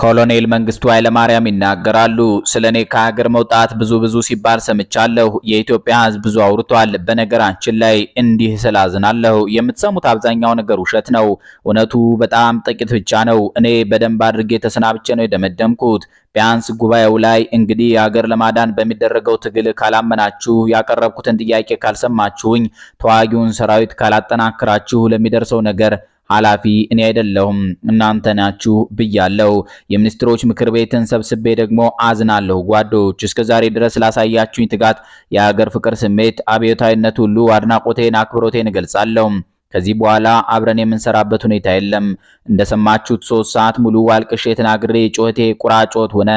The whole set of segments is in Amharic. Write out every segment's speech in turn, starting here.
ኮሎኔል መንግስቱ ኃይለማርያም ይናገራሉ። ስለ እኔ ከሀገር መውጣት ብዙ ብዙ ሲባል ሰምቻለሁ። የኢትዮጵያ ሕዝብ ብዙ አውርቷል። በነገራችን ላይ እንዲህ ስላዝናለሁ። የምትሰሙት አብዛኛው ነገር ውሸት ነው። እውነቱ በጣም ጥቂት ብቻ ነው። እኔ በደንብ አድርጌ ተሰናብቼ ነው የደመደምኩት። ቢያንስ ጉባኤው ላይ እንግዲህ የሀገር ለማዳን በሚደረገው ትግል ካላመናችሁ፣ ያቀረብኩትን ጥያቄ ካልሰማችሁኝ፣ ተዋጊውን ሰራዊት ካላጠናክራችሁ ለሚደርሰው ነገር ኃላፊ እኔ አይደለሁም እናንተ ናችሁ ብያለሁ። የሚኒስትሮች ምክር ቤትን ሰብስቤ ደግሞ አዝናለሁ ጓዶች፣ እስከዛሬ ድረስ ላሳያችሁኝ ትጋት፣ የሀገር ፍቅር ስሜት፣ አብዮታዊነት ሁሉ አድናቆቴን፣ አክብሮቴን እገልጻለሁ። ከዚህ በኋላ አብረን የምንሰራበት ሁኔታ የለም። እንደሰማችሁት ሶስት ሰዓት ሙሉ አልቅሼ ተናግሬ ጩኸቴ ቁራጮት ሆነ።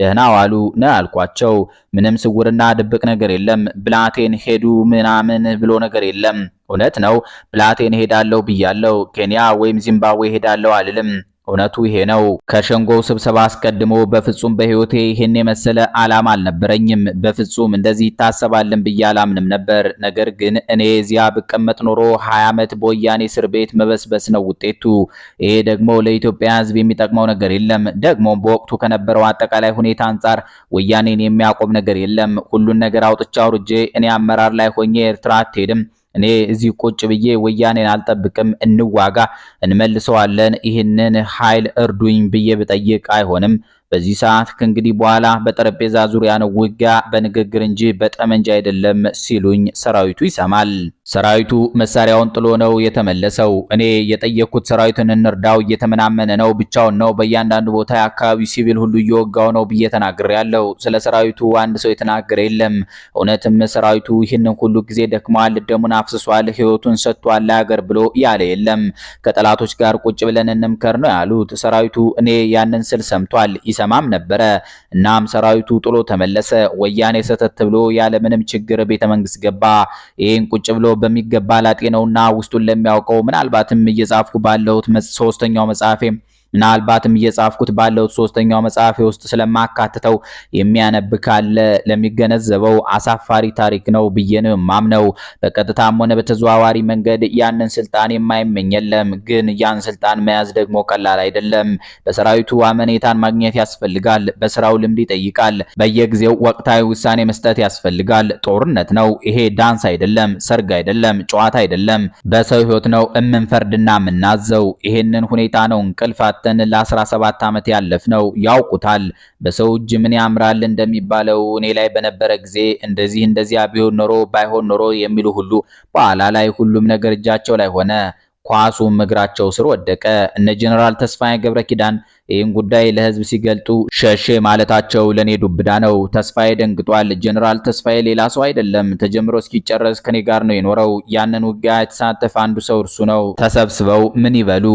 ደህና ዋሉ ነው አልኳቸው። ምንም ስውርና ድብቅ ነገር የለም። ብላቴን ሄዱ ምናምን ብሎ ነገር የለም። እውነት ነው ብላቴን ሄዳለሁ ብያለሁ። ኬንያ ወይም ዚምባብዌ ሄዳለሁ አልልም። እውነቱ ይሄ ነው። ከሸንጎው ስብሰባ አስቀድሞ በፍጹም በህይወቴ ይሄን የመሰለ አላማ አልነበረኝም። በፍጹም እንደዚህ ይታሰባልን ብዬ አላምንም ነበር። ነገር ግን እኔ እዚያ ብቀመጥ ኖሮ ሀያ ዓመት በወያኔ እስር ቤት መበስበስ ነው ውጤቱ። ይሄ ደግሞ ለኢትዮጵያ ህዝብ የሚጠቅመው ነገር የለም። ደግሞም በወቅቱ ከነበረው አጠቃላይ ሁኔታ አንጻር ወያኔን የሚያቆም ነገር የለም። ሁሉን ነገር አውጥቻ አውርጄ እኔ አመራር ላይ ሆኜ ኤርትራ አትሄድም እኔ እዚህ ቁጭ ብዬ ወያኔን አልጠብቅም። እንዋጋ፣ እንመልሰዋለን፣ ይህንን ኃይል እርዱኝ ብዬ ብጠይቅ አይሆንም። በዚህ ሰዓት ከእንግዲህ በኋላ በጠረጴዛ ዙሪያ ነው ውጊያ፣ በንግግር እንጂ በጠመንጃ አይደለም ሲሉኝ ሰራዊቱ ይሰማል። ሰራዊቱ መሳሪያውን ጥሎ ነው የተመለሰው። እኔ የጠየኩት ሰራዊትን እንርዳው እየተመናመነ ነው፣ ብቻውን ነው፣ በእያንዳንዱ ቦታ የአካባቢው ሲቪል ሁሉ እየወጋው ነው ብዬ ተናግሬ ያለው። ስለ ሰራዊቱ አንድ ሰው የተናገረ የለም። እውነትም ሰራዊቱ ይህንን ሁሉ ጊዜ ደክሟል፣ ደሙን አፍስሷል፣ ህይወቱን ሰጥቷል ለሀገር ብሎ ያለ የለም። ከጠላቶች ጋር ቁጭ ብለን እንምከር ነው ያሉት። ሰራዊቱ እኔ ያንን ስል ሰምቷል፣ ይሰማም ነበረ። እናም ሰራዊቱ ጥሎ ተመለሰ። ወያኔ ሰተት ብሎ ያለምንም ችግር ቤተመንግስት ገባ። ይህን ቁጭ ብሎ በሚገባ ላጤ ነውና ውስጡን ለሚያውቀው ምናልባትም እየጻፍኩ ባለሁት ሶስተኛው መጽሐፌ ምናልባትም እየጻፍኩት ባለሁት ሶስተኛው መጽሐፌ ውስጥ ስለማካትተው የሚያነብ ካለ ለሚገነዘበው አሳፋሪ ታሪክ ነው ብዬ ነው በቀጥታም ሆነ በተዘዋዋሪ መንገድ ያንን ስልጣን የማይመኝ የለም። ግን ያን ስልጣን መያዝ ደግሞ ቀላል አይደለም። በሰራዊቱ አመኔታን ማግኘት ያስፈልጋል። በስራው ልምድ ይጠይቃል። በየጊዜው ወቅታዊ ውሳኔ መስጠት ያስፈልጋል። ጦርነት ነው ይሄ። ዳንስ አይደለም፣ ሰርግ አይደለም፣ ጨዋታ አይደለም። በሰው ህይወት ነው እምንፈርድና የምናዘው። ይሄንን ሁኔታ ነው እንቅልፋት እየተፈታተን ለ17 ዓመት ያለፍ ነው ያውቁታል። በሰው እጅ ምን ያምራል እንደሚባለው እኔ ላይ በነበረ ጊዜ እንደዚህ እንደዚያ ቢሆን ኖሮ ባይሆን ኖሮ የሚሉ ሁሉ በኋላ ላይ ሁሉም ነገር እጃቸው ላይ ሆነ። ኳሱም እግራቸው ስር ወደቀ። እነ ጀነራል ተስፋዬ ገብረ ኪዳን ይህን ጉዳይ ለህዝብ ሲገልጡ ሸሼ ማለታቸው ለኔ ዱብዳ ነው። ተስፋዬ ደንግጧል። ጀኔራል ተስፋዬ ሌላ ሰው አይደለም። ተጀምሮ እስኪጨረስ ከኔ ጋር ነው የኖረው። ያንን ውጊያ የተሳተፈ አንዱ ሰው እርሱ ነው። ተሰብስበው ምን ይበሉ?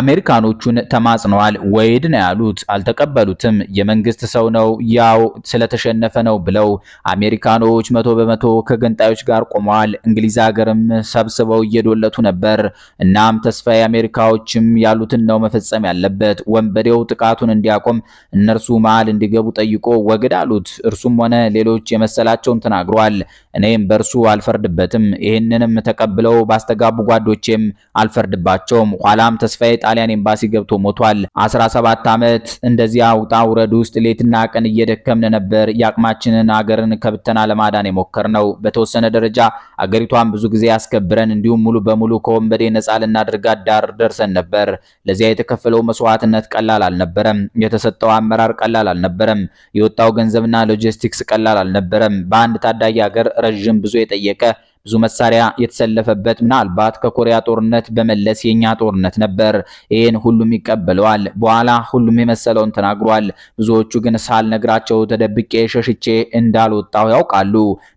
አሜሪካኖቹን ተማጽነዋል። ወይድ ነው ያሉት፣ አልተቀበሉትም። የመንግስት ሰው ነው ያው ስለተሸነፈ ነው ብለው አሜሪካኖች መቶ በመቶ ከገንጣዮች ጋር ቆመዋል። እንግሊዝ ሀገርም ሰብስበው እየዶለቱ ነበር። እናም ተስፋዬ አሜሪካዎችም ያሉትን ነው መፈጸም ያለበት ወንበዴው ሰው ጥቃቱን እንዲያቆም እነርሱ መሃል እንዲገቡ ጠይቆ ወግድ አሉት። እርሱም ሆነ ሌሎች የመሰላቸውን ተናግሯል። እኔም በእርሱ አልፈርድበትም። ይህንንም ተቀብለው ባስተጋቡ ጓዶቼም አልፈርድባቸውም። ኋላም ተስፋዬ ጣሊያን ኤምባሲ ገብቶ ሞቷል። 17 ዓመት እንደዚያ ውጣ ውረድ ውስጥ ሌትና ቀን እየደከምን ነበር የአቅማችንን አገርን ከብተና ለማዳን የሞከርነው። በተወሰነ ደረጃ አገሪቷን ብዙ ጊዜ ያስከብረን እንዲሁም ሙሉ በሙሉ ከወንበዴ ነጻ ልናደርጋት ዳር ደርሰን ነበር። ለዚያ የተከፈለው መስዋዕትነት ቀላል አልነበረም። የተሰጠው አመራር ቀላል አልነበረም። የወጣው ገንዘብና ሎጂስቲክስ ቀላል አልነበረም። በአንድ ታዳጊ ሀገር ረዥም ብዙ የጠየቀ ብዙ መሳሪያ የተሰለፈበት ምናልባት ከኮሪያ ጦርነት በመለስ የኛ ጦርነት ነበር። ይህን ሁሉም ይቀበለዋል። በኋላ ሁሉም የመሰለውን ተናግሯል። ብዙዎቹ ግን ሳልነግራቸው ተደብቄ ሸሽቼ እንዳልወጣሁ ያውቃሉ።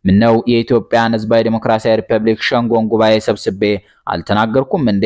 ምነው የኢትዮጵያን ህዝባዊ ዴሞክራሲያዊ ሪፐብሊክ ሸንጎን ጉባኤ ሰብስቤ አልተናገርኩም እንዴ?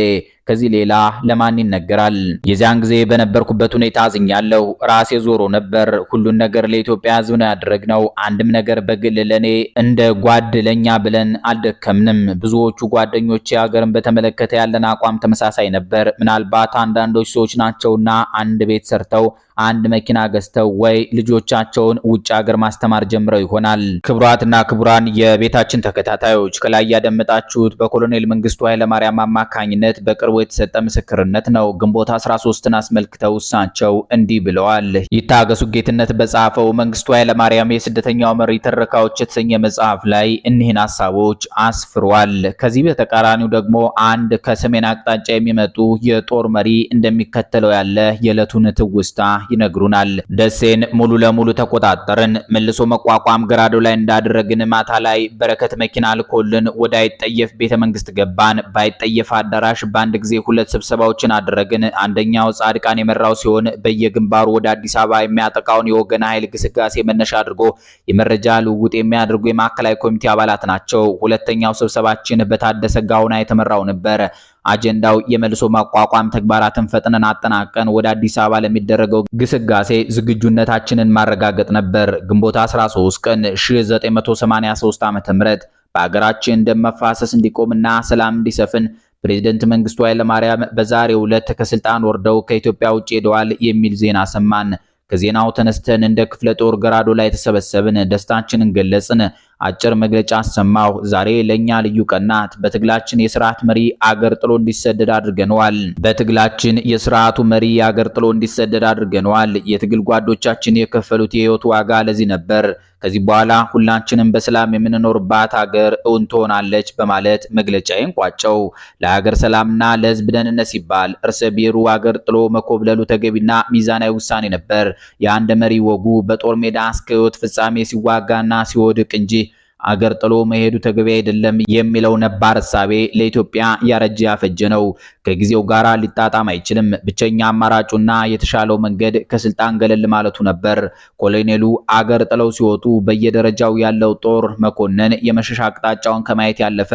ከዚህ ሌላ ለማን ይነገራል? የዚያን ጊዜ በነበርኩበት ሁኔታ አዝኛለሁ። ራሴ ዞሮ ነበር። ሁሉን ነገር ለኢትዮጵያ ሕዝብ ነው ያደረግነው። አንድም ነገር በግል ለእኔ እንደ ጓድ ለእኛ ብለን አልደ አልደከምንም። ብዙዎቹ ጓደኞች ሀገርን በተመለከተ ያለን አቋም ተመሳሳይ ነበር። ምናልባት አንዳንዶች ሰዎች ናቸውና አንድ ቤት ሰርተው አንድ መኪና ገዝተው ወይ ልጆቻቸውን ውጭ ሀገር ማስተማር ጀምረው ይሆናል። ክቡራትና ክቡራን የቤታችን ተከታታዮች ከላይ ያደመጣችሁት በኮሎኔል መንግስቱ ኃይለማርያም አማካኝነት በቅርቡ የተሰጠ ምስክርነት ነው። ግንቦት 13ን አስመልክተው እሳቸው እንዲህ ብለዋል። ይታገሱ ጌትነት በጻፈው መንግስቱ ኃይለማርያም የስደተኛው መሪ ትረካዎች የተሰኘ መጽሐፍ ላይ እኒህን ሀሳቦች አስፍሯል። ከዚህ በተቃራኒው ደግሞ አንድ ከሰሜን አቅጣጫ የሚመጡ የጦር መሪ እንደሚከተለው ያለ የዕለቱን ትውስታ ይነግሩናል። ደሴን ሙሉ ለሙሉ ተቆጣጠርን። መልሶ መቋቋም ገራዶ ላይ እንዳደረግን ማታ ላይ በረከት መኪና አልኮልን ወደ አይጠየፍ ቤተ መንግስት ገባን። ባይጠየፍ አዳራሽ በአንድ ጊዜ ሁለት ስብሰባዎችን አደረግን። አንደኛው ጻድቃን የመራው ሲሆን በየግንባሩ ወደ አዲስ አበባ የሚያጠቃውን የወገን ኃይል ግስጋሴ መነሻ አድርጎ የመረጃ ልውውጥ የሚያደርጉ የማዕከላዊ ኮሚቴ አባላት ናቸው። ሁለተኛው ስብሰባችን በታደሰ ጋውና የተመራው ነበር። አጀንዳው የመልሶ ማቋቋም ተግባራትን ፈጥነን አጠናቀን ወደ አዲስ አበባ ለሚደረገው ግስጋሴ ዝግጁነታችንን ማረጋገጥ ነበር። ግንቦት 13 ቀን 1983 ዓ.ም በሀገራችን ደም መፋሰስ እንዲቆምና ሰላም እንዲሰፍን ፕሬዝደንት መንግስቱ ኃይለማርያም በዛሬው ዕለት ከስልጣን ወርደው ከኢትዮጵያ ውጭ ሄደዋል የሚል ዜና ሰማን። ከዜናው ተነስተን እንደ ክፍለ ጦር ገራዶ ላይ ተሰበሰብን፣ ደስታችንን ገለጽን። አጭር መግለጫ አሰማሁ። ዛሬ ለእኛ ልዩ ቀን ናት። በትግላችን የስርዓት መሪ አገር ጥሎ እንዲሰደድ አድርገነዋል። በትግላችን የስርዓቱ መሪ አገር ጥሎ እንዲሰደድ አድርገነዋል። የትግል ጓዶቻችን የከፈሉት የህይወት ዋጋ ለዚህ ነበር። ከዚህ በኋላ ሁላችንም በሰላም የምንኖርባት አገር እውን ትሆናለች በማለት መግለጫዬን ቋጨው። ለሀገር ሰላምና ለህዝብ ደህንነት ሲባል እርሰ ብሔሩ አገር ጥሎ መኮብለሉ ተገቢና ሚዛናዊ ውሳኔ ነበር። የአንድ መሪ ወጉ በጦር ሜዳ እስከ ህይወት ፍጻሜ ሲዋጋና ሲወድቅ እንጂ አገር ጥሎ መሄዱ ተገቢ አይደለም የሚለው ነባር እሳቤ ለኢትዮጵያ ያረጀ ያፈጀ ነው። ከጊዜው ጋራ ሊጣጣም አይችልም። ብቸኛ አማራጩና የተሻለው መንገድ ከስልጣን ገለል ማለቱ ነበር። ኮሎኔሉ አገር ጥለው ሲወጡ በየደረጃው ያለው ጦር መኮንን የመሸሻ አቅጣጫውን ከማየት ያለፈ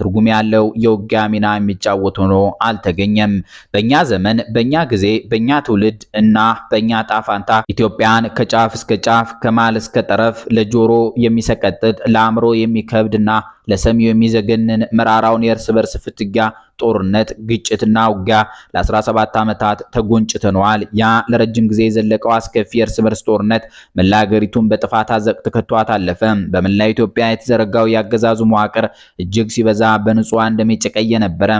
ትርጉም ያለው የውጊያ ሚና የሚጫወት ሆኖ አልተገኘም። በእኛ ዘመን፣ በእኛ ጊዜ፣ በእኛ ትውልድ እና በእኛ ጣፋንታ ኢትዮጵያን ከጫፍ እስከ ጫፍ ከማል እስከ ጠረፍ ለጆሮ የሚሰቀጥጥ ለአእምሮ የሚከብድና ለሰሚው የሚዘገንን መራራውን የእርስ በርስ ፍትጋ ጦርነት ግጭትና ውጊያ ለ17 ዓመታት ተጎንጭተነዋል። ያ ለረጅም ጊዜ የዘለቀው አስከፊ የእርስ በርስ ጦርነት መላ ሀገሪቱን በጥፋት አዘቅት ከቷት አለፈ። በመላ ኢትዮጵያ የተዘረጋው የአገዛዙ መዋቅር እጅግ ሲበዛ በንጹሃን ደም ነበረ።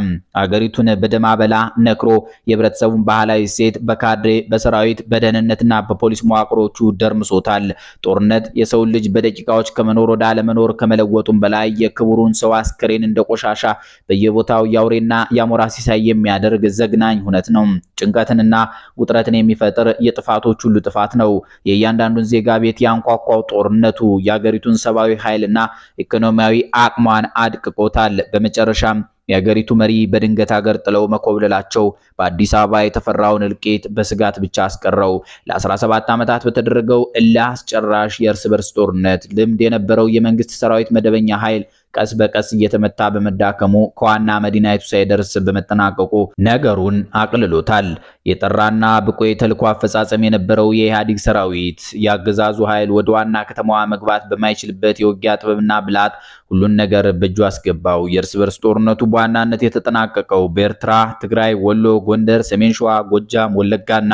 አገሪቱን በደም አበላ ነክሮ የህብረተሰቡን ባህላዊ እሴት በካድሬ በሰራዊት በደህንነትና በፖሊስ መዋቅሮቹ ደርምሶታል። ጦርነት የሰውን ልጅ በደቂቃዎች ከመኖር ወደ አለመኖር ከመለወጡም በላይ የክቡሩን ሰው አስክሬን እንደ ቆሻሻ በየቦታው ያውሬና ያሞራ ሲሳይ የሚያደርግ ዘግናኝ ሁነት ነው። ጭንቀትንና ውጥረትን የሚፈጥር የጥፋቶች ሁሉ ጥፋት ነው። የእያንዳንዱን ዜጋ ቤት ያንኳኳው ጦርነቱ የአገሪቱን ሰብአዊ ኃይልና ኢኮኖሚያዊ አቅሟን አድቅቆታል። በመጨረሻም የሀገሪቱ መሪ በድንገት ሀገር ጥለው መኮብለላቸው በአዲስ አበባ የተፈራውን እልቂት በስጋት ብቻ አስቀረው። ለ17 ዓመታት በተደረገው እልህ አስጨራሽ የእርስ በርስ ጦርነት ልምድ የነበረው የመንግስት ሰራዊት መደበኛ ኃይል ቀስ በቀስ እየተመታ በመዳከሙ ከዋና መዲናይቱ ሳይደርስ በመጠናቀቁ ነገሩን አቅልሎታል። የጠራና ብቁ የተልኮ አፈጻጸም የነበረው የኢህአዴግ ሰራዊት የአገዛዙ ኃይል ወደ ዋና ከተማዋ መግባት በማይችልበት የውጊያ ጥበብና ብላት ሁሉን ነገር በእጁ አስገባው። የእርስ በርስ ጦርነቱ በዋናነት የተጠናቀቀው በኤርትራ፣ ትግራይ፣ ወሎ፣ ጎንደር፣ ሰሜን ሸዋ፣ ጎጃም፣ ወለጋና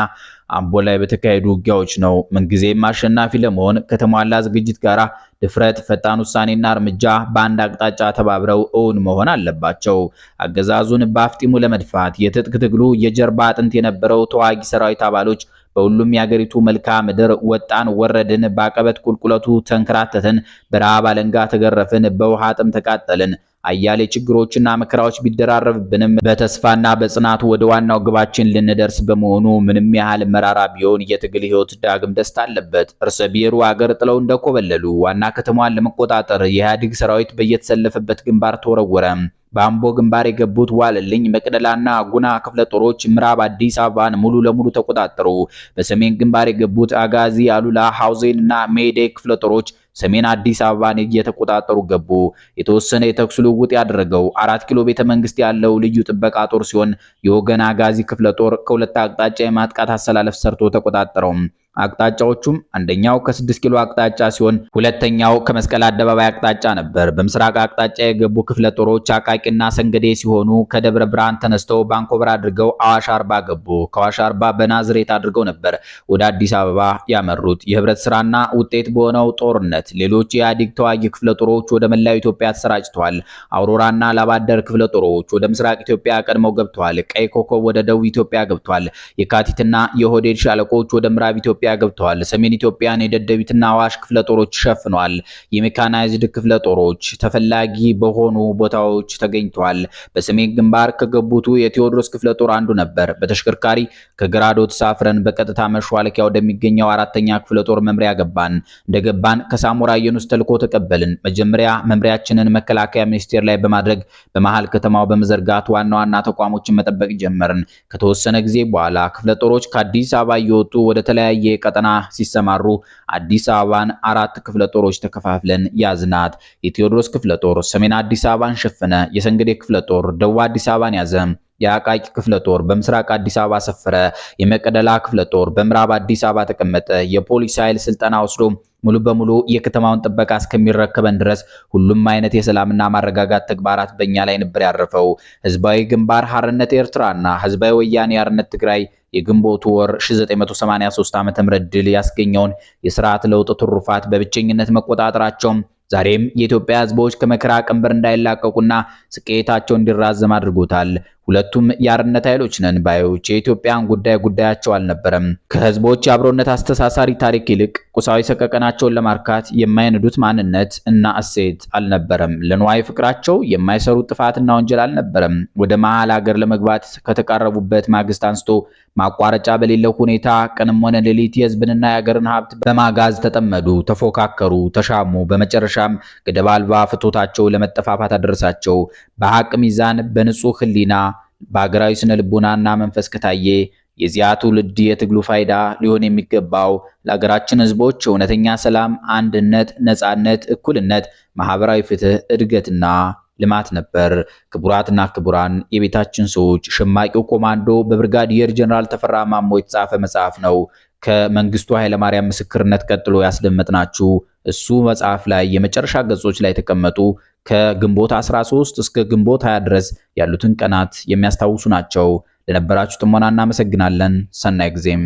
አምቦ ላይ በተካሄዱ ውጊያዎች ነው። ምንጊዜም አሸናፊ ለመሆን ከተሟላ ዝግጅት ጋር ድፍረት፣ ፈጣን ውሳኔና እርምጃ በአንድ አቅጣጫ ተባብረው እውን መሆን አለባቸው። አገዛዙን በአፍጢሙ ለመድፋት የትጥቅ ትግሉ የጀርባ አጥንት የነበረው ተዋጊ ሰራዊት አባሎች በሁሉም የአገሪቱ መልክዓ ምድር ወጣን ወረድን፣ በአቀበት ቁልቁለቱ ተንከራተትን፣ በረሃብ አለንጋ ተገረፍን፣ በውሃ ጥም ተቃጠልን አያሌ ችግሮችና መከራዎች ቢደራረብብንም በተስፋና በጽናቱ ወደ ዋናው ግባችን ልንደርስ በመሆኑ ምንም ያህል መራራ ቢሆን የትግል ህይወት ዳግም ደስታ አለበት። እርሰ ብሔሩ አገር ጥለው እንደኮበለሉ ዋና ከተማዋን ለመቆጣጠር የኢህአዴግ ሰራዊት በየተሰለፈበት ግንባር ተወረወረ። በአምቦ ግንባር የገቡት ዋልልኝ መቅደላና ጉና ክፍለ ጦሮች ምዕራብ አዲስ አበባን ሙሉ ለሙሉ ተቆጣጠሩ። በሰሜን ግንባር የገቡት አጋዚ፣ አሉላ፣ ሐውዜንና ሜዴ ክፍለ ጦሮች ሰሜን አዲስ አበባን እየተቆጣጠሩ ገቡ። የተወሰነ የተኩስ ልውውጥ ያደረገው አራት ኪሎ ቤተ መንግስት ያለው ልዩ ጥበቃ ጦር ሲሆን የወገን አጋዚ ክፍለ ጦር ከሁለት አቅጣጫ የማጥቃት አሰላለፍ ሰርቶ ተቆጣጠረው። አቅጣጫዎቹም አንደኛው ከስድስት ኪሎ አቅጣጫ ሲሆን ሁለተኛው ከመስቀል አደባባይ አቅጣጫ ነበር። በምስራቅ አቅጣጫ የገቡ ክፍለ ጦሮች አቃቂና ሰንገዴ ሲሆኑ ከደብረ ብርሃን ተነስተው ባንኮበር አድርገው አዋሽ አርባ ገቡ። ከአዋሽ አርባ በናዝሬት አድርገው ነበር ወደ አዲስ አበባ ያመሩት። የህብረት ስራና ውጤት በሆነው ጦርነት ሌሎች የኢህአዴግ ተዋጊ ክፍለ ጦሮች ወደ መላው ኢትዮጵያ ተሰራጭተዋል። አውሮራና ላባደር ክፍለ ጦሮች ወደ ምስራቅ ኢትዮጵያ ቀድመው ገብተዋል። ቀይ ኮከብ ወደ ደቡብ ኢትዮጵያ ገብቷል። የካቲትና የሆዴድ ሻለቆች ወደ ምዕራብ ኢትዮጵያ ኢትዮጵያ ገብተዋል። ሰሜን ኢትዮጵያን የደደቢትና አዋሽ ክፍለ ጦሮች ሸፍኗል። የሜካናይዝድ ክፍለ ጦሮች ተፈላጊ በሆኑ ቦታዎች ተገኝተዋል። በሰሜን ግንባር ከገቡቱ የቴዎድሮስ ክፍለ ጦር አንዱ ነበር። በተሽከርካሪ ከግራዶ ተሳፍረን በቀጥታ መሿለኪያ ወደሚገኘው አራተኛ ክፍለ ጦር መምሪያ ገባን። እንደገባን ከሳሞራ የኑስ ተልኮ ተቀበልን። መጀመሪያ መምሪያችንን መከላከያ ሚኒስቴር ላይ በማድረግ በመሃል ከተማው በመዘርጋት ዋና ዋና ተቋሞችን መጠበቅ ጀመርን። ከተወሰነ ጊዜ በኋላ ክፍለ ጦሮች ከአዲስ አበባ እየወጡ ወደ ተለያየ ቀጠና ሲሰማሩ አዲስ አበባን አራት ክፍለ ጦሮች ተከፋፍለን ያዝናት። የቴዎድሮስ ክፍለ ጦር ሰሜን አዲስ አበባን ሸፈነ። የሰንገዴ ክፍለ ጦር ደቡብ አዲስ አበባን ያዘ። የአቃቂ ክፍለ ጦር በምስራቅ አዲስ አበባ ሰፈረ። የመቀደላ ክፍለ ጦር በምዕራብ አዲስ አበባ ተቀመጠ። የፖሊስ ኃይል ስልጠና ወስዶ ሙሉ በሙሉ የከተማውን ጥበቃ እስከሚረከበን ድረስ ሁሉም አይነት የሰላምና ማረጋጋት ተግባራት በእኛ ላይ ነበር ያረፈው። ህዝባዊ ግንባር ሐርነት ኤርትራና ህዝባዊ ወያኔ አርነት ትግራይ የግንቦቱ ወር 1983 ዓ.ም ድል ያስገኘውን የስርዓት ለውጥ ትሩፋት በብቸኝነት መቆጣጠራቸውም ዛሬም የኢትዮጵያ ህዝቦች ከመከራ ቀንበር እንዳይላቀቁና ስኬታቸው እንዲራዘም አድርጎታል። ሁለቱም የአርነት ኃይሎች ነን ባዮች የኢትዮጵያን ጉዳይ ጉዳያቸው አልነበረም። ከህዝቦች የአብሮነት አስተሳሳሪ ታሪክ ይልቅ ቁሳዊ ሰቀቀናቸውን ለማርካት የማይንዱት ማንነት እና እሴት አልነበረም። ለንዋይ ፍቅራቸው የማይሰሩት ጥፋትና ወንጀል አልነበረም። ወደ መሀል ሀገር ለመግባት ከተቃረቡበት ማግስት አንስቶ ማቋረጫ በሌለው ሁኔታ ቀንም ሆነ ሌሊት የህዝብንና የሀገርን ሀብት በማጋዝ ተጠመዱ፣ ተፎካከሩ፣ ተሻሙ። በመጨረሻም ገደብ አልባ ፍቶታቸው ለመጠፋፋት አደረሳቸው። በሀቅ ሚዛን፣ በንጹህ ህሊና በሀገራዊ ስነ ልቦናና መንፈስ ከታየ የዚያ ትውልድ የትግሉ ፋይዳ ሊሆን የሚገባው ለሀገራችን ህዝቦች እውነተኛ ሰላም፣ አንድነት፣ ነጻነት፣ እኩልነት፣ ማህበራዊ ፍትህ፣ እድገትና ልማት ነበር። ክቡራትና ክቡራን የቤታችን ሰዎች ሸማቂው ኮማንዶ በብርጋዲየር ጀነራል ተፈራ ማሞ የተጻፈ መጽሐፍ ነው። ከመንግስቱ ኃይለማርያም ምስክርነት ቀጥሎ ያስደመጥናችሁ እሱ መጽሐፍ ላይ የመጨረሻ ገጾች ላይ የተቀመጡ ከግንቦት 13 እስከ ግንቦት 20 ድረስ ያሉትን ቀናት የሚያስታውሱ ናቸው። ለነበራችሁ ጥሞና እናመሰግናለን። ሰናይ ጊዜም